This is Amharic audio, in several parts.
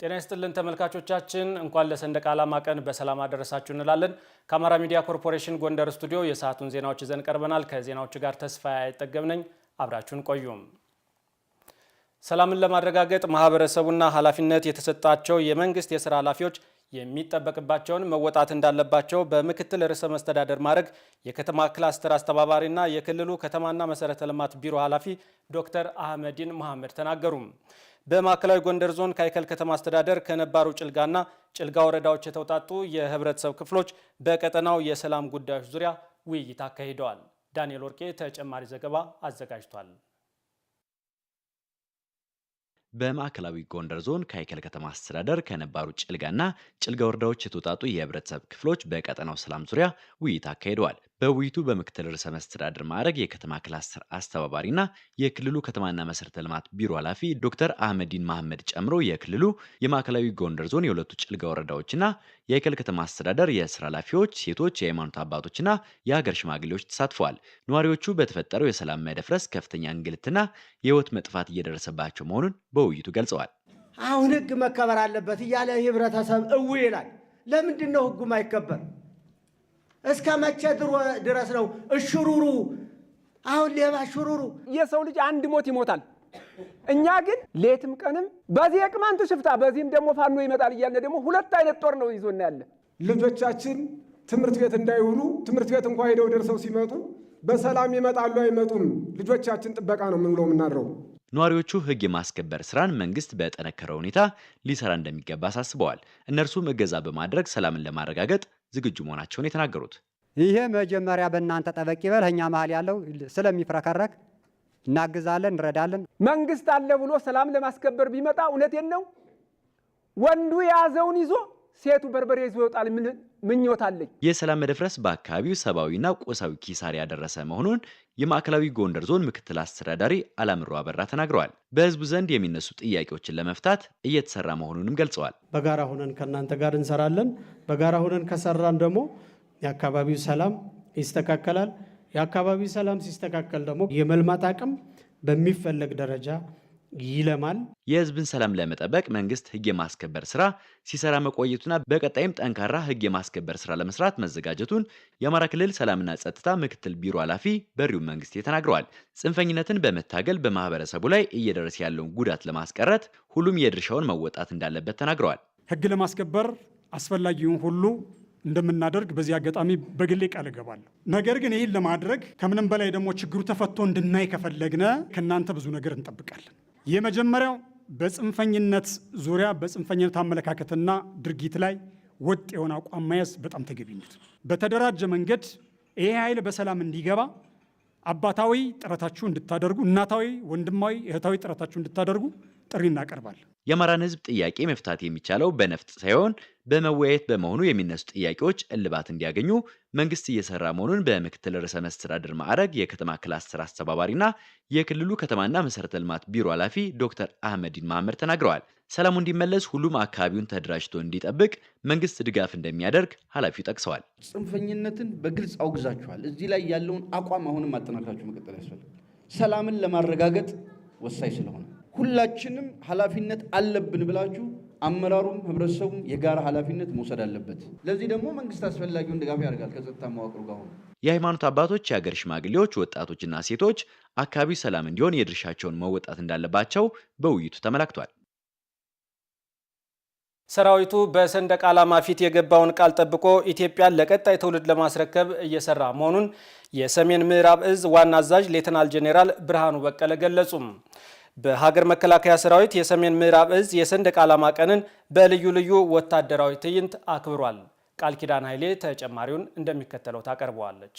ጤና ይስጥልን ተመልካቾቻችን፣ እንኳን ለሰንደቅ ዓላማ ቀን በሰላም አደረሳችሁ እንላለን። ከአማራ ሚዲያ ኮርፖሬሽን ጎንደር ስቱዲዮ የሰዓቱን ዜናዎች ይዘን ቀርበናል። ከዜናዎቹ ጋር ተስፋ አይጠገብ ነኝ። አብራችሁን ቆዩም። ሰላምን ለማረጋገጥ ማህበረሰቡና ኃላፊነት የተሰጣቸው የመንግስት የስራ ኃላፊዎች የሚጠበቅባቸውን መወጣት እንዳለባቸው በምክትል ርዕሰ መስተዳደር ማድረግ የከተማ ክላስተር አስተባባሪና የክልሉ ከተማና መሰረተ ልማት ቢሮ ኃላፊ ዶክተር አህመዲን መሐመድ ተናገሩ። በማዕከላዊ ጎንደር ዞን ካይከል ከተማ አስተዳደር ከነባሩ ጭልጋና ጭልጋ ወረዳዎች የተውጣጡ የህብረተሰብ ክፍሎች በቀጠናው የሰላም ጉዳዮች ዙሪያ ውይይት አካሂደዋል። ዳንኤል ወርቄ ተጨማሪ ዘገባ አዘጋጅቷል። በማዕከላዊ ጎንደር ዞን ከአይከል ከተማ አስተዳደር ከነባሩ ጭልጋና ጭልጋ ወረዳዎች የተውጣጡ የህብረተሰብ ክፍሎች በቀጠናው ሰላም ዙሪያ ውይይት አካሂደዋል። በውይይቱ በምክትል ርዕሰ መስተዳድር ማዕረግ የከተማ ክላስተር አስተባባሪና የክልሉ ከተማና መሰረተ ልማት ቢሮ ኃላፊ ዶክተር አህመዲን ማህመድ ጨምሮ የክልሉ የማዕከላዊ ጎንደር ዞን የሁለቱ ጭልጋ ወረዳዎችና የአይከል ከተማ አስተዳደር የስራ ኃላፊዎች፣ ሴቶች፣ የሃይማኖት አባቶችና የሀገር ሽማግሌዎች ተሳትፈዋል። ነዋሪዎቹ በተፈጠረው የሰላም መደፍረስ ከፍተኛ እንግልትና የህይወት መጥፋት እየደረሰባቸው መሆኑን በውይይቱ ገልጸዋል። አሁን ህግ መከበር አለበት እያለ ህብረተሰብ እው ይላል። ለምንድን ነው ህጉም አይከበር እስከ መቼ ድረስ ነው እሽሩሩ? አሁን ሌባ እሽሩሩ። የሰው ልጅ አንድ ሞት ይሞታል። እኛ ግን ሌትም ቀንም በዚህ የቅማንቱ ሽፍታ፣ በዚህም ደግሞ ፋኖ ይመጣል እያለ ደግሞ ሁለት አይነት ጦር ነው ይዞና ያለ። ልጆቻችን ትምህርት ቤት እንዳይውሉ ትምህርት ቤት እንኳ ሄደው ደርሰው ሲመጡ በሰላም ይመጣሉ አይመጡም። ልጆቻችን ጥበቃ ነው የምንውለው የምናድረው። ነዋሪዎቹ ህግ የማስከበር ስራን መንግስት በጠነከረ ሁኔታ ሊሰራ እንደሚገባ አሳስበዋል። እነርሱም እገዛ በማድረግ ሰላምን ለማረጋገጥ ዝግጁ መሆናቸውን የተናገሩት ይሄ መጀመሪያ በእናንተ ጠበቅ ይበል እኛ መሀል ያለው ስለሚፍረከረክ እናግዛለን፣ እንረዳለን። መንግስት አለ ብሎ ሰላም ለማስከበር ቢመጣ እውነቴን ነው ወንዱ የያዘውን ይዞ ሴቱ በርበሬ ይዞ ይወጣል። ምኞት አለኝ። የሰላም መደፍረስ በአካባቢው ሰብአዊና ቁሳዊ ኪሳራ ያደረሰ መሆኑን የማዕከላዊ ጎንደር ዞን ምክትል አስተዳዳሪ አላምሮ አበራ ተናግረዋል። በህዝቡ ዘንድ የሚነሱ ጥያቄዎችን ለመፍታት እየተሰራ መሆኑንም ገልጸዋል። በጋራ ሆነን ከእናንተ ጋር እንሰራለን። በጋራ ሆነን ከሰራን ደግሞ የአካባቢው ሰላም ይስተካከላል። የአካባቢው ሰላም ሲስተካከል ደግሞ የመልማት አቅም በሚፈለግ ደረጃ ይለማል። የህዝብን ሰላም ለመጠበቅ መንግስት ህግ የማስከበር ስራ ሲሰራ መቆየቱና በቀጣይም ጠንካራ ህግ የማስከበር ስራ ለመስራት መዘጋጀቱን የአማራ ክልል ሰላምና ጸጥታ ምክትል ቢሮ ኃላፊ በሪሁን መንግስቴ ተናግረዋል። ጽንፈኝነትን በመታገል በማህበረሰቡ ላይ እየደረሰ ያለውን ጉዳት ለማስቀረት ሁሉም የድርሻውን መወጣት እንዳለበት ተናግረዋል። ህግ ለማስከበር አስፈላጊውን ሁሉ እንደምናደርግ በዚህ አጋጣሚ በግሌ ቃል እገባለሁ። ነገር ግን ይህን ለማድረግ ከምንም በላይ ደግሞ ችግሩ ተፈቶ እንድናይ ከፈለግነ ከእናንተ ብዙ ነገር እንጠብቃለን። የመጀመሪያው በጽንፈኝነት ዙሪያ በጽንፈኝነት አመለካከትና ድርጊት ላይ ወጥ የሆነ አቋም መያዝ በጣም ተገቢነት በተደራጀ መንገድ ይሄ ኃይል በሰላም እንዲገባ አባታዊ ጥረታችሁ እንድታደርጉ፣ እናታዊ፣ ወንድማዊ፣ እህታዊ ጥረታችሁ እንድታደርጉ ጥሪ እናቀርባለን። የአማራን ህዝብ ጥያቄ መፍታት የሚቻለው በነፍጥ ሳይሆን በመወያየት በመሆኑ የሚነሱ ጥያቄዎች እልባት እንዲያገኙ መንግስት እየሰራ መሆኑን በምክትል ርዕሰ መስተዳድር ማዕረግ የከተማ ክላስተር አስተባባሪና የክልሉ ከተማና መሰረተ ልማት ቢሮ ኃላፊ ዶክተር አህመዲን ማህመድ ተናግረዋል። ሰላሙ እንዲመለስ ሁሉም አካባቢውን ተደራጅቶ እንዲጠብቅ መንግስት ድጋፍ እንደሚያደርግ ኃላፊው ጠቅሰዋል። ጽንፈኝነትን በግልጽ አውግዛችኋል። እዚህ ላይ ያለውን አቋም አሁንም አጠናክራችሁ መቀጠል ያስፈልጋል። ሰላምን ለማረጋገጥ ወሳኝ ስለሆነ ሁላችንም ኃላፊነት አለብን ብላችሁ አመራሩም ህብረተሰቡም የጋራ ኃላፊነት መውሰድ አለበት። ለዚህ ደግሞ መንግስት አስፈላጊውን ድጋፍ ያደርጋል ከጸጥታ መዋቅሩ ጋር ሆኖ። የሃይማኖት አባቶች፣ የሀገር ሽማግሌዎች፣ ወጣቶችና ሴቶች አካባቢው ሰላም እንዲሆን የድርሻቸውን መወጣት እንዳለባቸው በውይይቱ ተመላክቷል። ሰራዊቱ በሰንደቅ ዓላማ ፊት የገባውን ቃል ጠብቆ ኢትዮጵያን ለቀጣይ ትውልድ ለማስረከብ እየሰራ መሆኑን የሰሜን ምዕራብ እዝ ዋና አዛዥ ሌተናል ጄኔራል ብርሃኑ በቀለ ገለጹም። በሀገር መከላከያ ሰራዊት የሰሜን ምዕራብ እዝ የሰንደቅ ዓላማ ቀንን በልዩ ልዩ ወታደራዊ ትዕይንት አክብሯል። ቃል ኪዳን ኃይሌ ተጨማሪውን እንደሚከተለው ታቀርበዋለች።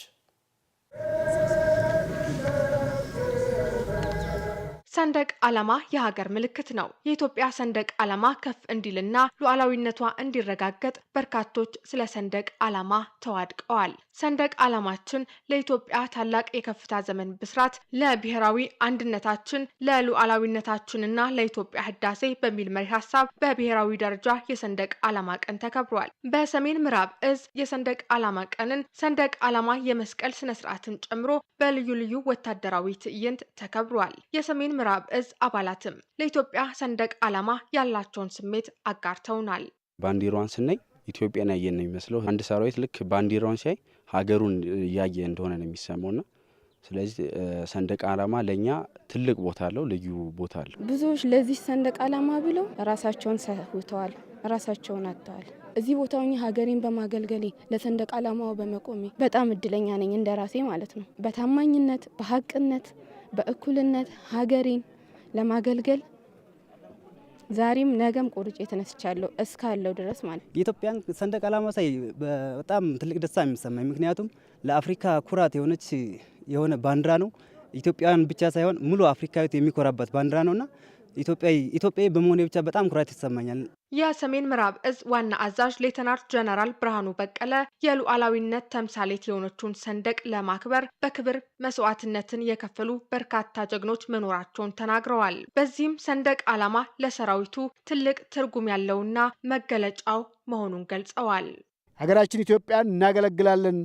ሰንደቅ ዓላማ የሀገር ምልክት ነው። የኢትዮጵያ ሰንደቅ ዓላማ ከፍ እንዲልና ሉዓላዊነቷ እንዲረጋገጥ በርካቶች ስለ ሰንደቅ ዓላማ ተዋድቀዋል። ሰንደቅ ዓላማችን ለኢትዮጵያ ታላቅ የከፍታ ዘመን ብስራት፣ ለብሔራዊ አንድነታችን፣ ለሉዓላዊነታችንና ለኢትዮጵያ ህዳሴ በሚል መሪ ሀሳብ በብሔራዊ ደረጃ የሰንደቅ ዓላማ ቀን ተከብሯል። በሰሜን ምዕራብ እዝ የሰንደቅ ዓላማ ቀንን ሰንደቅ ዓላማ የመስቀል ስነ ስርዓትን ጨምሮ በልዩ ልዩ ወታደራዊ ትዕይንት ተከብሯል። የሰሜን ምዕራብ እዝ አባላትም ለኢትዮጵያ ሰንደቅ ዓላማ ያላቸውን ስሜት አጋርተውናል። ባንዲሯን ስናይ ኢትዮጵያን ያየን ነው የሚመስለው። አንድ ሰራዊት ልክ ባንዲሯን ሲያይ ሀገሩን እያየ እንደሆነ ነው ና ስለዚህ ሰንደቅ ዓላማ ለእኛ ትልቅ ቦታ አለው፣ ልዩ ቦታ አለው። ብዙዎች ለዚህ ሰንደቅ ዓላማ ብለው ራሳቸውን ሰውተዋል፣ ራሳቸውን አጥተዋል። እዚህ ቦታ ሀገሬን በማገልገሌ ለሰንደቅ ዓላማው በመቆሜ በጣም እድለኛ ነኝ፣ እንደ ራሴ ማለት ነው። በታማኝነት፣ በሀቅነት፣ በእኩልነት ሀገሬን ለማገልገል ዛሬም ነገም ቆርጬ የተነስቻለሁ እስካለው ድረስ ማለት የኢትዮጵያን ሰንደቅ ዓላማ ሳይ በጣም ትልቅ ደስታ የሚሰማኝ ምክንያቱም ለአፍሪካ ኩራት የሆነች የሆነ ባንዲራ ነው። ኢትዮጵያውያን ብቻ ሳይሆን ሙሉ አፍሪካዊት የሚኮራበት ባንዲራ ነውና ኢትዮጵያዊ በመሆኔ ብቻ በጣም ኩራት ይሰማኛል። የሰሜን ምዕራብ እዝ ዋና አዛዥ ሌተናንት ጀነራል ብርሃኑ በቀለ የሉዓላዊነት ተምሳሌት የሆነችውን ሰንደቅ ለማክበር በክብር መስዋዕትነትን የከፈሉ በርካታ ጀግኖች መኖራቸውን ተናግረዋል። በዚህም ሰንደቅ ዓላማ ለሰራዊቱ ትልቅ ትርጉም ያለውና መገለጫው መሆኑን ገልጸዋል። ሀገራችን ኢትዮጵያን እናገለግላለን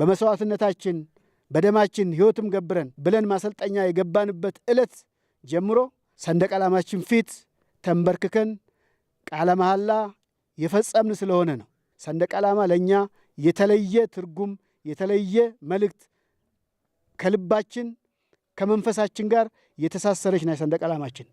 በመስዋዕትነታችን በደማችን ሕይወትም ገብረን ብለን ማሰልጠኛ የገባንበት ዕለት ጀምሮ ሰንደቅ ዓላማችን ፊት ተንበርክከን ቃለ መሐላ የፈጸምን ስለሆነ ነው። ሰንደቅ ዓላማ ለእኛ የተለየ ትርጉም፣ የተለየ መልእክት ከልባችን ከመንፈሳችን ጋር የተሳሰረች ናይ ሰንደቅ ዓላማችን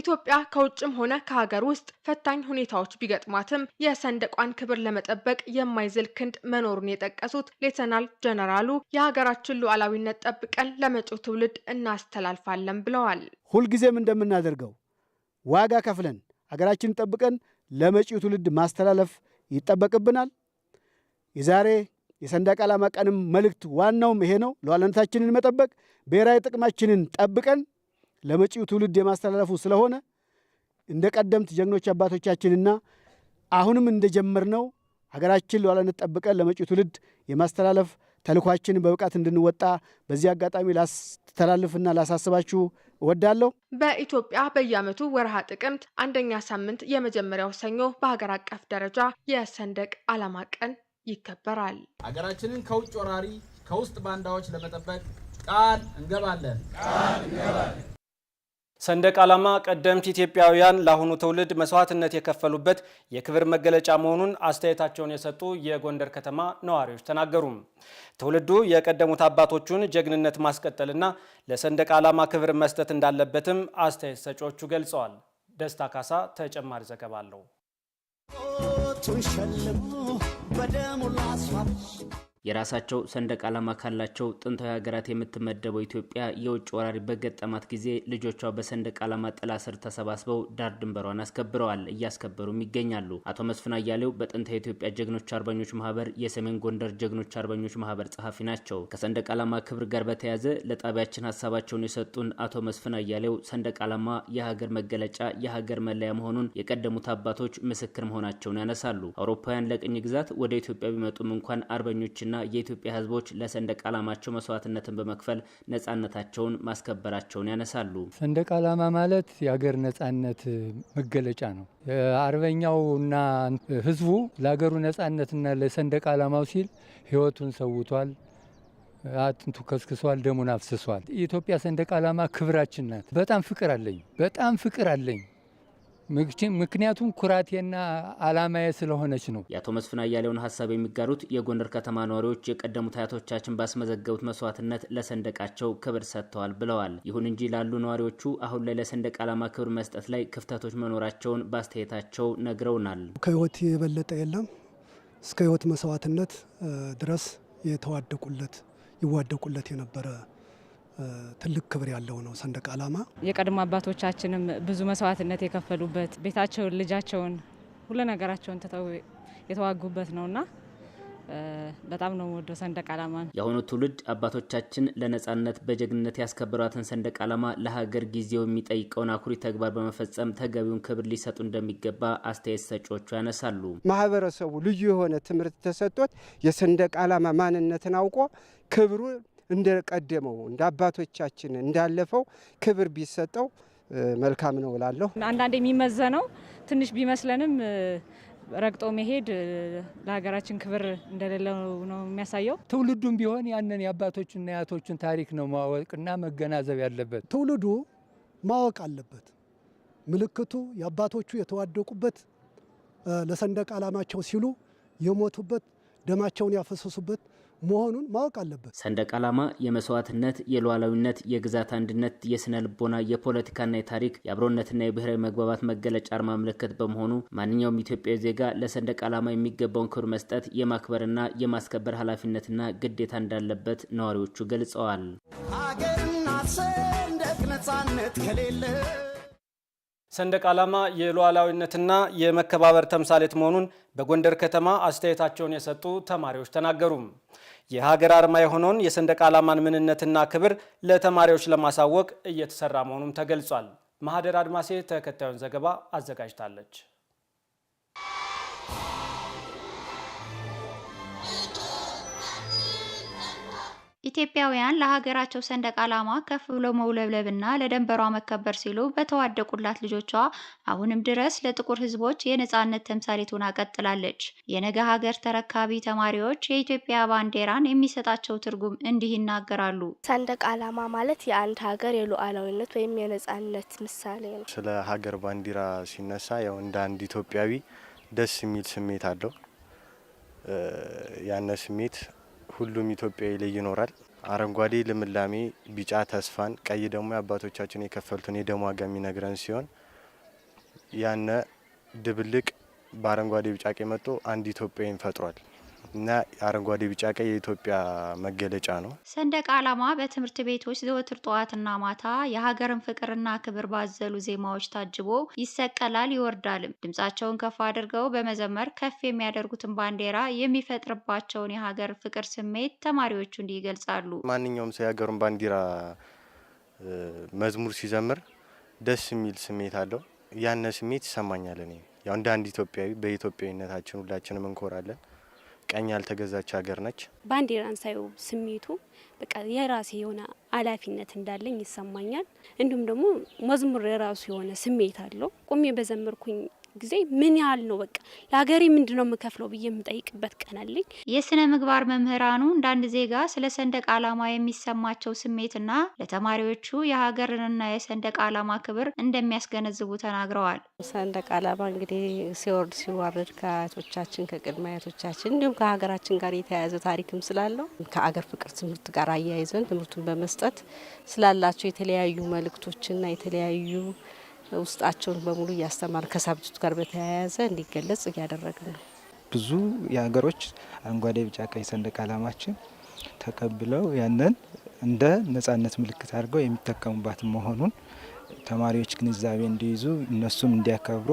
ኢትዮጵያ ከውጭም ሆነ ከሀገር ውስጥ ፈታኝ ሁኔታዎች ቢገጥሟትም የሰንደቋን ክብር ለመጠበቅ የማይዝል ክንድ መኖሩን የጠቀሱት ሌተናል ጀነራሉ የሀገራችን ሉዓላዊነት ጠብቀን ለመጪው ትውልድ እናስተላልፋለን ብለዋል። ሁልጊዜም እንደምናደርገው ዋጋ ከፍለን ሀገራችን ጠብቀን ለመጪው ትውልድ ማስተላለፍ ይጠበቅብናል። የዛሬ የሰንደቅ ዓላማ ቀንም መልእክት ዋናውም ይሄ ነው። ሉዓላዊነታችንን መጠበቅ፣ ብሔራዊ ጥቅማችንን ጠብቀን ለመጪው ትውልድ የማስተላለፉ ስለሆነ እንደ ቀደምት ጀግኖች አባቶቻችንና አሁንም እንደጀመርነው ሀገራችን ሉዓላዊነት ጠብቀን ለመጪው ትውልድ የማስተላለፍ ተልኳችንን በብቃት እንድንወጣ በዚህ አጋጣሚ ላስተላልፍና ላሳስባችሁ እወዳለሁ። በኢትዮጵያ በየዓመቱ ወርሃ ጥቅምት አንደኛ ሳምንት የመጀመሪያው ሰኞ በሀገር አቀፍ ደረጃ የሰንደቅ ዓላማ ቀን ይከበራል። ሀገራችንን ከውጭ ወራሪ፣ ከውስጥ ባንዳዎች ለመጠበቅ ቃል እንገባለን ቃል እንገባለን። ሰንደቅ ዓላማ ቀደምት ኢትዮጵያውያን ለአሁኑ ትውልድ መስዋዕትነት የከፈሉበት የክብር መገለጫ መሆኑን አስተያየታቸውን የሰጡ የጎንደር ከተማ ነዋሪዎች ተናገሩ። ትውልዱ የቀደሙት አባቶቹን ጀግንነት ማስቀጠልና ለሰንደቅ ዓላማ ክብር መስጠት እንዳለበትም አስተያየት ሰጪዎቹ ገልጸዋል። ደስታ ካሳ ተጨማሪ ዘገባ አለው። የራሳቸው ሰንደቅ ዓላማ ካላቸው ጥንታዊ ሀገራት የምትመደበው ኢትዮጵያ የውጭ ወራሪ በገጠማት ጊዜ ልጆቿ በሰንደቅ ዓላማ ጥላ ስር ተሰባስበው ዳር ድንበሯን አስከብረዋል፣ እያስከበሩም ይገኛሉ። አቶ መስፍን አያሌው በጥንታዊ የኢትዮጵያ ጀግኖች አርበኞች ማህበር የሰሜን ጎንደር ጀግኖች አርበኞች ማህበር ጸሐፊ ናቸው። ከሰንደቅ ዓላማ ክብር ጋር በተያያዘ ለጣቢያችን ሀሳባቸውን የሰጡን አቶ መስፍን አያሌው ሰንደቅ ዓላማ የሀገር መገለጫ፣ የሀገር መለያ መሆኑን የቀደሙት አባቶች ምስክር መሆናቸውን ያነሳሉ። አውሮፓውያን ለቅኝ ግዛት ወደ ኢትዮጵያ ቢመጡም እንኳን አርበኞችን ሰዎችና የኢትዮጵያ ህዝቦች ለሰንደቅ ዓላማቸው መስዋዕትነትን በመክፈል ነጻነታቸውን ማስከበራቸውን ያነሳሉ። ሰንደቅ ዓላማ ማለት የአገር ነጻነት መገለጫ ነው። አርበኛውና ህዝቡ ለሀገሩ ነጻነትና ለሰንደቅ ዓላማው ሲል ህይወቱን ሰውቷል። አጥንቱ ከስክሷል፣ ደሙን አፍስሷል። የኢትዮጵያ ሰንደቅ ዓላማ ክብራችን ናት። በጣም ፍቅር አለኝ፣ በጣም ፍቅር አለኝ ምክንያቱም ኩራቴና አላማዬ ስለሆነች ነው። የአቶ መስፍን አያሌውን ሀሳብ የሚጋሩት የጎንደር ከተማ ነዋሪዎች የቀደሙት አያቶቻችን ባስመዘገቡት መስዋዕትነት ለሰንደቃቸው ክብር ሰጥተዋል ብለዋል። ይሁን እንጂ ላሉ ነዋሪዎቹ አሁን ላይ ለሰንደቅ ዓላማ ክብር መስጠት ላይ ክፍተቶች መኖራቸውን በአስተያየታቸው ነግረውናል። ከህይወት የበለጠ የለም እስከ ህይወት መስዋዕትነት ድረስ የተዋደቁለት ይዋደቁለት የነበረ ትልቅ ክብር ያለው ነው ሰንደቅ ዓላማ። የቀድሞ አባቶቻችንም ብዙ መስዋዕትነት የከፈሉበት ቤታቸውን፣ ልጃቸውን፣ ሁሉ ነገራቸውን ትተው የተዋጉበት ነውና በጣም ነው ወደ ሰንደቅ ዓላማ። የአሁኑ ትውልድ አባቶቻችን ለነጻነት በጀግንነት ያስከበሯትን ሰንደቅ ዓላማ ለሀገር ጊዜው የሚጠይቀውን አኩሪ ተግባር በመፈጸም ተገቢውን ክብር ሊሰጡ እንደሚገባ አስተያየት ሰጪዎቹ ያነሳሉ። ማህበረሰቡ ልዩ የሆነ ትምህርት ተሰጥቶት የሰንደቅ ዓላማ ማንነትን አውቆ ክብሩን እንደቀደመው እንደ አባቶቻችን እንዳለፈው ክብር ቢሰጠው መልካም ነው እላለሁ። አንዳንድ የሚመዘነው ትንሽ ቢመስለንም ረግጦ መሄድ ለሀገራችን ክብር እንደሌለው ነው የሚያሳየው። ትውልዱም ቢሆን ያንን የአባቶችና የአያቶችን ታሪክ ነው ማወቅና መገናዘብ ያለበት። ትውልዱ ማወቅ አለበት። ምልክቱ የአባቶቹ የተዋደቁበት ለሰንደቅ ዓላማቸው ሲሉ የሞቱበት፣ ደማቸውን ያፈሰሱበት መሆኑን ማወቅ አለበት። ሰንደቅ ዓላማ የመስዋዕትነት፣ የሉዓላዊነት፣ የግዛት አንድነት፣ የስነ ልቦና፣ የፖለቲካና የታሪክ የአብሮነትና የብሔራዊ መግባባት መገለጫ አርማ ምልክት በመሆኑ ማንኛውም ኢትዮጵያዊ ዜጋ ለሰንደቅ ዓላማ የሚገባውን ክብር መስጠት የማክበርና የማስከበር ኃላፊነትና ግዴታ እንዳለበት ነዋሪዎቹ ገልጸዋል። ሀገርና ሰንደቅ ነጻነት ከሌለ ሰንደቅ ዓላማ የሉዓላዊነትና የመከባበር ተምሳሌት መሆኑን በጎንደር ከተማ አስተያየታቸውን የሰጡ ተማሪዎች ተናገሩ። የሀገር አርማ የሆነውን የሰንደቅ ዓላማን ምንነትና ክብር ለተማሪዎች ለማሳወቅ እየተሰራ መሆኑም ተገልጿል። ማህደር አድማሴ ተከታዩን ዘገባ አዘጋጅታለች። ኢትዮጵያውያን ለሀገራቸው ሰንደቅ ዓላማ ከፍ ብሎ መውለብለብና ለደንበሯ መከበር ሲሉ በተዋደቁላት ልጆቿ አሁንም ድረስ ለጥቁር ሕዝቦች የነጻነት ተምሳሌት ሆና ቀጥላለች። የነገ ሀገር ተረካቢ ተማሪዎች የኢትዮጵያ ባንዲራን የሚሰጣቸው ትርጉም እንዲህ ይናገራሉ። ሰንደቅ ዓላማ ማለት የአንድ ሀገር የሉዓላዊነት ወይም የነጻነት ምሳሌ ነው። ስለ ሀገር ባንዲራ ሲነሳ ያው እንደ አንድ ኢትዮጵያዊ ደስ የሚል ስሜት አለው። ያነ ስሜት ሁሉም ኢትዮጵያዊ ላይ ይኖራል። አረንጓዴ ልምላሜ፣ ቢጫ ተስፋን፣ ቀይ ደግሞ የአባቶቻችን የከፈሉትን የደም ዋጋ የሚነግረን ሲሆን ያነ ድብልቅ በአረንጓዴ ቢጫ ቀይ መጥቶ አንድ ኢትዮጵያዊን ፈጥሯል። እና አረንጓዴ ቢጫ ቀይ የኢትዮጵያ መገለጫ ነው። ሰንደቅ ዓላማ በትምህርት ቤቶች ዘወትር ጠዋትና ማታ የሀገርን ፍቅርና ክብር ባዘሉ ዜማዎች ታጅቦ ይሰቀላል ይወርዳልም። ድምጻቸውን ከፍ አድርገው በመዘመር ከፍ የሚያደርጉትን ባንዲራ የሚፈጥርባቸውን የሀገር ፍቅር ስሜት ተማሪዎቹ እንዲህ ይገልጻሉ። ማንኛውም ሰው የሀገሩን ባንዲራ መዝሙር ሲዘምር ደስ የሚል ስሜት አለው። ያነ ስሜት ይሰማኛል። እኔ ያው እንደ አንድ ኢትዮጵያዊ በኢትዮጵያዊነታችን ሁላችንም እንኮራለን። ቀኝ ያልተገዛች ሀገር ነች። ባንዲራን ሳየው ስሜቱ በቃ የራሴ የሆነ ኃላፊነት እንዳለኝ ይሰማኛል። እንዲሁም ደግሞ መዝሙር የራሱ የሆነ ስሜት አለው። ቁሜ በዘመርኩኝ ጊዜ ምን ያህል ነው በቃ ለሀገሬ ምንድን ነው የምከፍለው ብዬ የምጠይቅበት ቀን አለኝ። የስነ ምግባር መምህራኑ እንዳንድ ዜጋ ስለ ሰንደቅ ዓላማ የሚሰማቸው ስሜትና ለተማሪዎቹ የሀገርንና የሰንደቅ ዓላማ ክብር እንደሚያስገነዝቡ ተናግረዋል። ሰንደቅ ዓላማ እንግዲህ ሲወርድ ሲዋረድ ከአያቶቻችን ከቅድመ አያቶቻችን እንዲሁም ከሀገራችን ጋር የተያያዘ ታሪክም ስላለው ከአገር ፍቅር ትምህርት ጋር አያይዘን ትምህርቱን በመስጠት ስላላቸው የተለያዩ መልእክቶችና የተለያዩ ውስጣቸውን በሙሉ እያስተማር ከሳብጅቱ ጋር በተያያዘ እንዲገለጽ እያደረግ ነው። ብዙ የሀገሮች አረንጓዴ፣ ቢጫ፣ ቀይ ሰንደቅ ዓላማችን ተቀብለው ያንን እንደ ነጻነት ምልክት አድርገው የሚጠቀሙባት መሆኑን ተማሪዎች ግንዛቤ እንዲይዙ እነሱም እንዲያከብሩ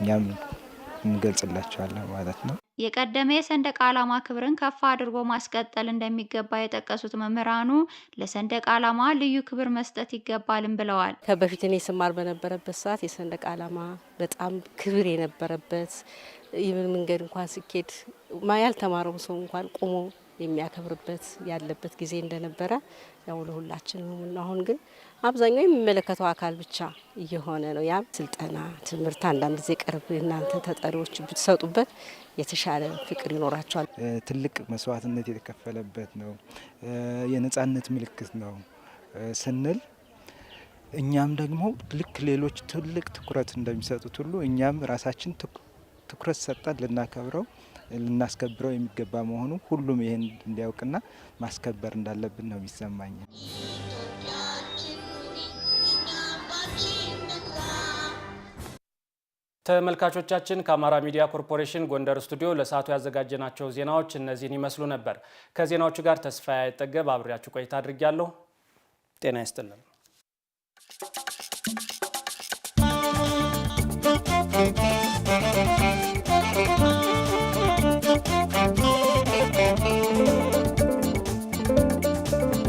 እኛም እንገልጽላቸዋለን ማለት ነው። የቀደመ የሰንደቅ ዓላማ ክብርን ከፍ አድርጎ ማስቀጠል እንደሚገባ የጠቀሱት መምህራኑ ለሰንደቅ ዓላማ ልዩ ክብር መስጠት ይገባልም ብለዋል። ከበፊት እኔ ስማር በነበረበት ሰዓት የሰንደቅ ዓላማ በጣም ክብር የነበረበት ይህን መንገድ እንኳን ስኬድ ያልተማረው ሰው እንኳን ቆሞ የሚያከብርበት ያለበት ጊዜ እንደነበረ ያው ለሁላችን አሁን ግን አብዛኛው የሚመለከተው አካል ብቻ እየሆነ ነው። ያም ስልጠና ትምህርት አንዳንድ ጊዜ ቅርብ እናንተ ተጠሪዎች ብትሰጡበት የተሻለ ፍቅር ይኖራቸዋል። ትልቅ መስዋዕትነት የተከፈለበት ነው። የነጻነት ምልክት ነው ስንል እኛም ደግሞ ልክ ሌሎች ትልቅ ትኩረት እንደሚሰጡት ሁሉ እኛም ራሳችን ትኩረት ሰጠን ልናከብረው ልናስከብረው የሚገባ መሆኑ ሁሉም ይህን እንዲያውቅና ማስከበር እንዳለብን ነው የሚሰማኝ። ተመልካቾቻችን ከአማራ ሚዲያ ኮርፖሬሽን ጎንደር ስቱዲዮ ለሰዓቱ ያዘጋጀናቸው ዜናዎች እነዚህን ይመስሉ ነበር። ከዜናዎቹ ጋር ተስፋ ያይጠገብ አብሬያችሁ ቆይታ አድርጊያለሁ። ጤና ይስጥልን።